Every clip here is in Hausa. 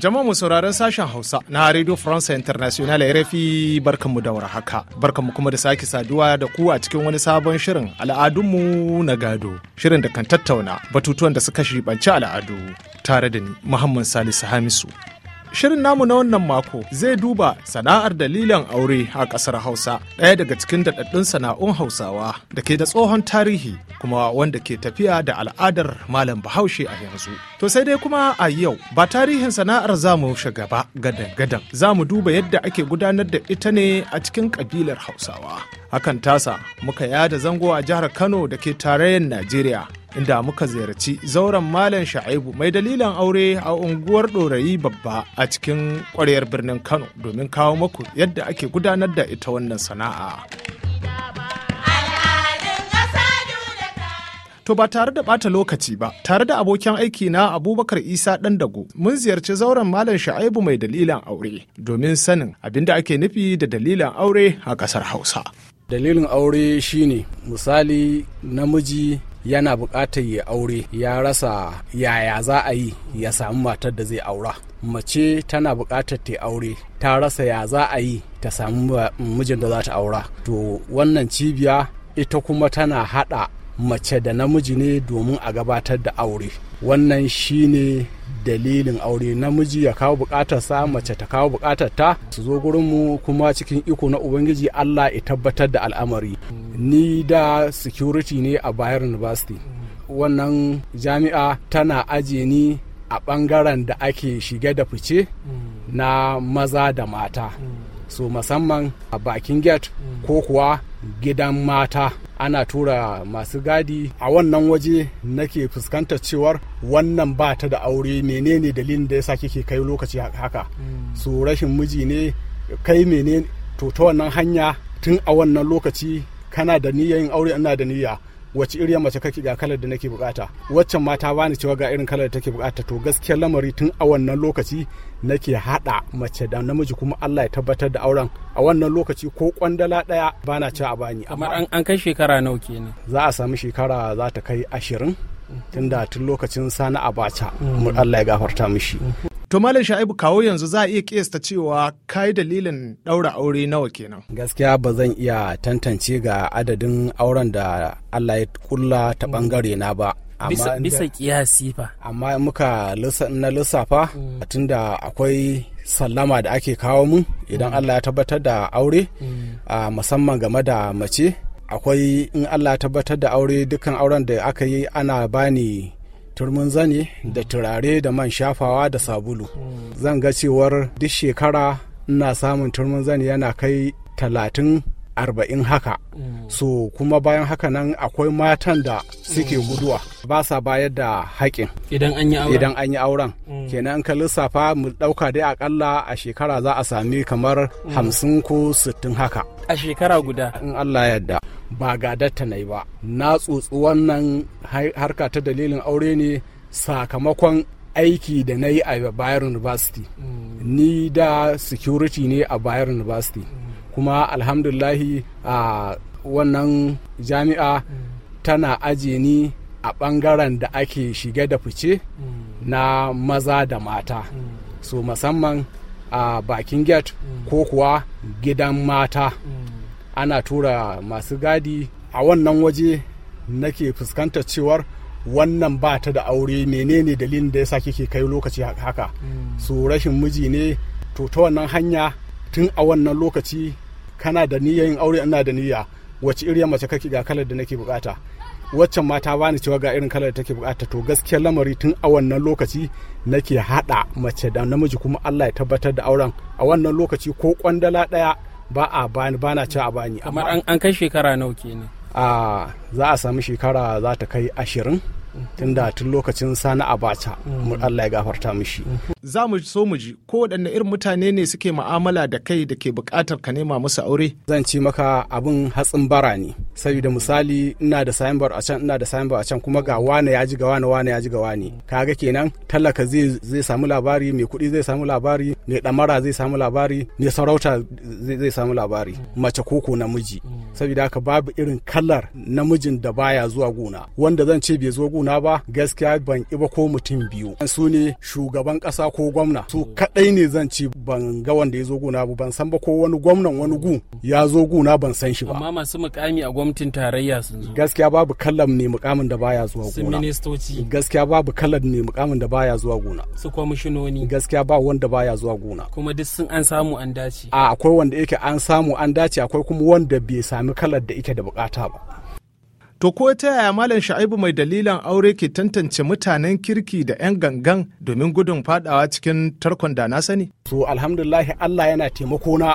Jama'a mu sauraron sashen Hausa na Radio France International RFI barkanmu da warhaka. Barkanmu kuma da sake saduwa da ku a cikin wani sabon shirin al'adunmu na gado. Shirin da kan tattauna batutuwan da suka shiɓanci al'adu tare da ni Muhammad Salisu Hamisu. Shirin namu na wannan mako zai duba sana'ar dalilan aure a ƙasar Hausa, ɗaya daga cikin daɗaɗɗun sana'un Hausawa da ke da tsohon tarihi kuma wanda ke tafiya da al'adar Malam Bahaushe a yanzu. To sai dai kuma a yau ba tarihin sana'ar za mu shiga ba gadan-gadan za mu duba yadda ake gudanar da ita ne a cikin ƙabilar Hausawa. Hakan tasa muka yada zango a jihar Kano da ke tarayyar Najeriya inda muka ziyarci zauren Malam Sha'ibu mai dalilan aure a unguwar Ɗorayi babba a cikin ƙwaryar birnin Kano domin kawo maku yadda ake gudanar da ita wannan sana'a. To ba tare da ɓata lokaci ba, tare da abokin aiki na Abubakar Isa ɗan dago, mun ziyarci zauren Malam Sha'ibu mai dalilan aure domin sanin abinda ake nufi da dalilan aure a ƙasar Hausa. dalilin aure shine misali namiji yana buƙatar ya aure ya rasa yaya za a yi ya samu matar da zai aura mace tana buƙatar ta aure ta rasa ya za a yi ta samu mijin da za ta aura to wannan cibiya ita kuma tana haɗa mace da namiji ne domin a gabatar da aure wannan shi ne dalilin aure namiji ya kawo bukatarsa mace ta kawo bukatarta su zo mu kuma cikin iko na ubangiji allah ya tabbatar da al'amari ni da security ne a bayar university wannan jami'a tana ajiye ni a bangaren da ake shiga da fice na maza da mata so musamman a bakin gate ko kuwa gidan mata ana tura masu gadi a wannan waje nake fuskantar cewar wannan ba ta da aure menene dalilin da yasa kike kai lokaci haka hmm. su rashin miji ne kai menene to ta wannan hanya tun a wannan lokaci kana da niyyar yin aure ina da niyya wace iriyar mace kake ga kalar da nake bukata waccan mata ta bani cewa ga irin kalar da take bukata to gaskiya lamari tun a wannan lokaci nake hada mace da namiji kuma Allah ya tabbatar da auren a wannan lokaci ko kwandala daya bana cewa a bani amma an kai shekara nawa kenan za a samu shekara za ta kai ashirin tunda tun lokacin sani abacha mu Allah ya gafarta mishi To Malam Sha'ibu kawo yanzu za a iya kiyasta cewa kai dalilin ɗaura aure nawa kenan. Gaskiya ba zan iya tantance ga adadin auren da Allah ya kulla ta bangare na ba. Bisa, kiyasi fa. Amma muka na lissafa mm. tunda akwai sallama da ake kawo mun idan mm. Allah ya tabbatar da aure mm. a musamman game da mace akwai in Allah ya tabbatar da aure dukkan auren da aka yi ana bani turmin zane da turare da man shafawa da sabulu zan ga cewar duk shekara ina samun turmin zane yana kai talatin arba'in haka so kuma bayan haka nan akwai matan da suke mm. guduwa ba sa bayar da haƙin idan an yi auren mm. kenan ka lissafa mu ɗauka dai akalla a shekara za a sami kamar mm. hamsin ko sittin haka a shekara guda in allah yadda ba gadatta na yi ba na tsotsi wannan harka ta dalilin aure ne sakamakon aiki da na yi a Bayero University. Ni da security ne a Bayero University. kuma alhamdulahi a wannan jami'a tana ajiye ni a ɓangaren da ake shige da fice na maza da mata so musamman a bakin gate ko kuwa gidan mata ana tura masu gadi a wannan waje nake fuskantar cewar wannan ba ta da aure menene dalilin da ya sa kike kai lokaci haka so rashin miji ne to ta wannan hanya tun a wannan lokaci kana da niyya yin aure ina da niyya wace iriyar mace kake ga kalar da nake bukata waccan ma ta bani cewa ga irin kalar da take bukata to gaskiyar lamari tun a wannan lokaci nake hada mace da namiji kuma Allah ya tabbatar da auren a wannan lokaci ko kwandala daya ba a bani bana ci a bani amma an kai shekara nawa kenan a za a sami shekara za ta kai ashirin tunda tun lokacin sani abacha Allah ya gafarta mishi za mu so mu ji ko waɗanne irin mutane ne suke ma'amala da kai da ke buƙatar ka nema musu aure zan ci maka abin hatsin bara ne saboda misali ina da bar a can ina da bar a can kuma ga wane ya ji ga wane wane ya ji ga wane kaga kenan talaka zai zai samu labari mai kuɗi zai samu labari mai ɗamara zai samu labari mai sarauta zai samu labari mace koko namiji saboda haka babu irin kallar namijin da baya zuwa gona wanda zan ce bai zo gona tattauna ba gaskiya ban iba ko mutum biyu su ne shugaban ƙasa ko gwamna su kaɗai ne zan ci ban ga wanda ya zo guna ba ban san ba ko wani gwamnan wani gu ya zo guna ban san shi ba amma masu mukami a gwamnatin tarayya sun zo gaskiya babu kallam ne mukamin da baya zuwa gona ministoci gaskiya babu kallam ne mukamin da baya zuwa gona su kwamishinoni gaskiya ba wanda baya zuwa gona kuma duk sun an samu an dace a akwai wanda yake an samu an dace akwai kuma wanda bai sami kallan da yake da bukata ba To ko ta yaya Malam Sha'ibu mai dalilan aure ke tantance mutanen kirki da 'yan gangan domin gudun fadawa cikin tarkon da na sani? To alhamdulahi Allah yana taimako na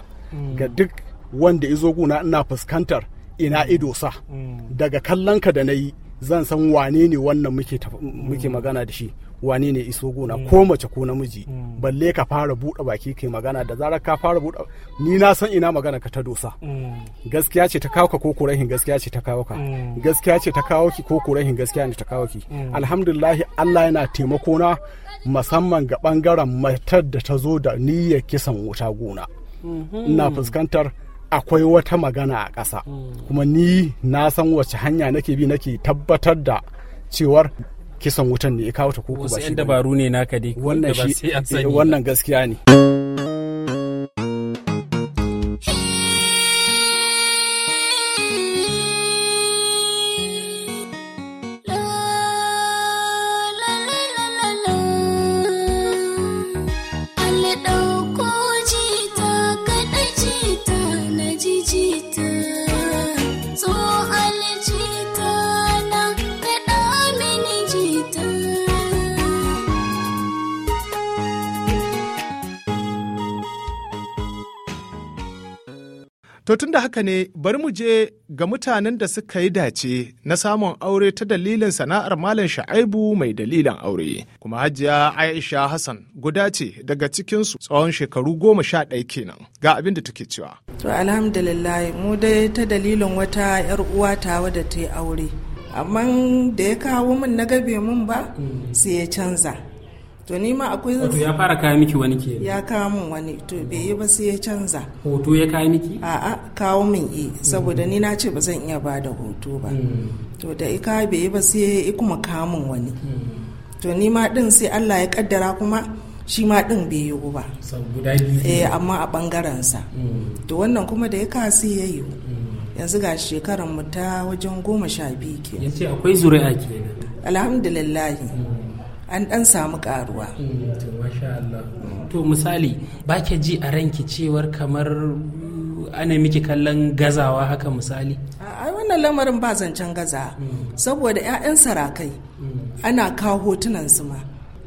ga duk wanda izo guna ina fuskantar ina ido sa mm. daga kallonka da na yi zan san wane ne wannan muke mm. magana da shi wani ne iso gona mm. ko mace ko namiji mm. balle ka fara buɗe baki kai magana da zarar ka fara buɗe ni na san ina magana ka ta dosa mm. gaskiya ce ta kawo ka ko korahin gaskiya ce ta kawo ka gaskiya ce ta kawo ki ko korahin gaskiya ne ta kawo ki alhamdulillahi Allah yana taimako na musamman ga bangaren matar da ta zo da niyyar kisan wuta gona mm-hmm. ina fuskantar akwai wata magana a ƙasa kuma ni na san wace hanya nake bi nake tabbatar da cewar kisan wutan ne ya kawo ta kuku ba shi dabaru ne naka dai wannan eh, gaskiya ne To tun da haka ne bari mu je ga mutanen da suka yi dace na samun aure ta dalilin sana'ar Malam Sha'aibu mai dalilin aure. Kuma Hajiya Aisha Hassan guda ce daga cikinsu tsawon shekaru goma sha ɗaya kenan ga abin da take cewa. To alhamdulillah mu dai ta dalilin wata 'yar uwa tawa da ta yi aure. Amma da ya kawo min na gabe mun ba sai ya canza. to nima akwai wato ya fara kaya miki wani ke ya kawo min wani to bai yi ba sai ya canza hoto ya kawo miki a'a kawo min i mm. saboda ni na ce ba zan iya ba da hoto ba mm. to da ika bai yi ba sai ya kuma kawo min wani mm. to ni ma din sai Allah ya kaddara kuma shi ma din bai yiwu ba eh amma a bangaren sa to wannan kuma da ya kasi ya yiwu yanzu ga shekaran mu ta wajen goma sha biyu ke yace akwai zuri'a kenan alhamdulillah an dan samu karuwa to misali ba ke ji a ranki cewar kamar ana miki kallon gazawa haka misali a wannan lamarin ba zancen gaza hmm. saboda 'ya'yan sarakai hmm. ana kawo hotunan su ma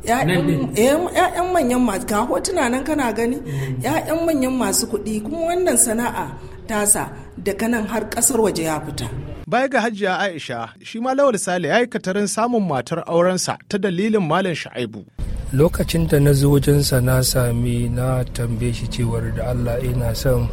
‘ya'yan eh, manyan masu hotuna nan kana gani ‘ya'yan hmm. manyan masu kuɗi kuma wannan sana'a tasa da kanan har ƙasar waje ya fita Baya ga hajiya Aisha, shi ma Lawal Sale ya yi katarin samun matar aurensa ta dalilin Malam Shaibu. Lokacin da na zo wajensa na sami na tambaye shi cewar da Allah ina son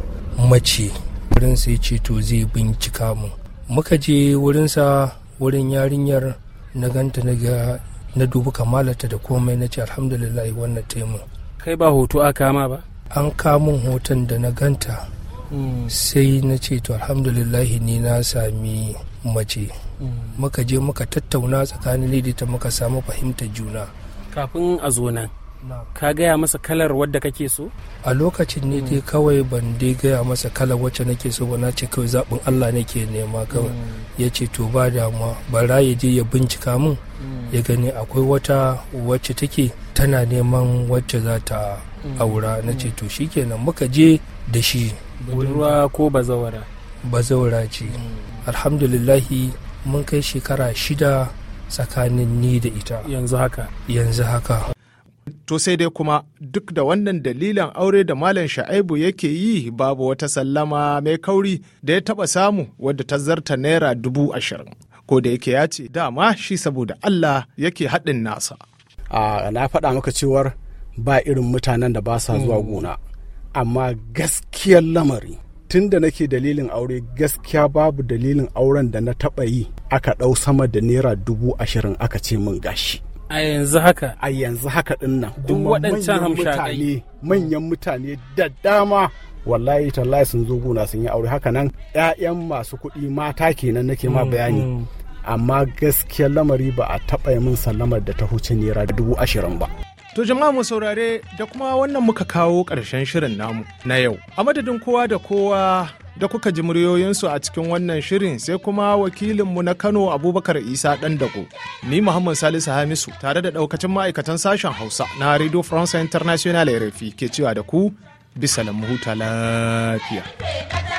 mace. Wurin sai ce to zai bincika mu. Muka je wurinsa wurin yarinyar na ganta na ga na kamalata da komai na ce alhamdulillah wannan taimu. Kai ba hoto a kama ba? An kamun hoton da na ganta sai na ce to alhamdulillahi ni na sami mace muka je muka tattauna tsakanin da ta muka samu fahimtar juna kafin a zo nan ka gaya masa kalar wadda kake so a lokacin ne dai kawai ban dai gaya masa kalar wacce nake so ba na ce kawai zaɓin allah nake nema kawai mm. ya ce to ba damuwa bara ya je ya bincika min mm. ya gani akwai wata wacce take tana neman wacce za ta mm. aura na ce to shikenan muka je da shi budurwa ko bazawara bazawara ce hmm. alhamdulillahi mun kai shekara shida tsakanin ni da ita yanzu haka yanzu haka to sai dai kuma duk da wannan dalilan aure da malam sha'aibu yake yi babu wata sallama mai kauri da ya taba samu wadda ta zarta naira dubu ashirin ko da yake ya ce dama shi saboda allah yake haɗin nasa ah, na faɗa maka cewar ba irin mutanen da ba sa zuwa hmm. gona amma gaskiyar lamari tun da nake dalilin aure gaskiya babu dalilin auren da na taɓa yi aka ɗau sama da naira dubu ashirin aka ce min gashi a yanzu haka a yanzu haka ɗin nan kuma manyan mutane manyan mutane da dama wallahi tallahi sun zo guna sun yi aure haka nan 'ya'yan masu kuɗi mata kenan nake ma bayani mm-hmm. amma gaskiyar lamari ba a taɓa min sallamar da ta huce naira dubu ashirin ba To jama'a mu saurare da kuma wannan muka kawo ƙarshen shirin namu na yau. A madadin kowa da kowa da kuka ji muryoyinsu a cikin wannan shirin sai kuma wakilinmu na Kano Abubakar Isa Ɗandago, Ni Muhammad Salisu Hamisu tare da ɗaukacin ma'aikatan sashen Hausa na Radio France International RFI ke cewa da ku bisa lamu huta lafiya.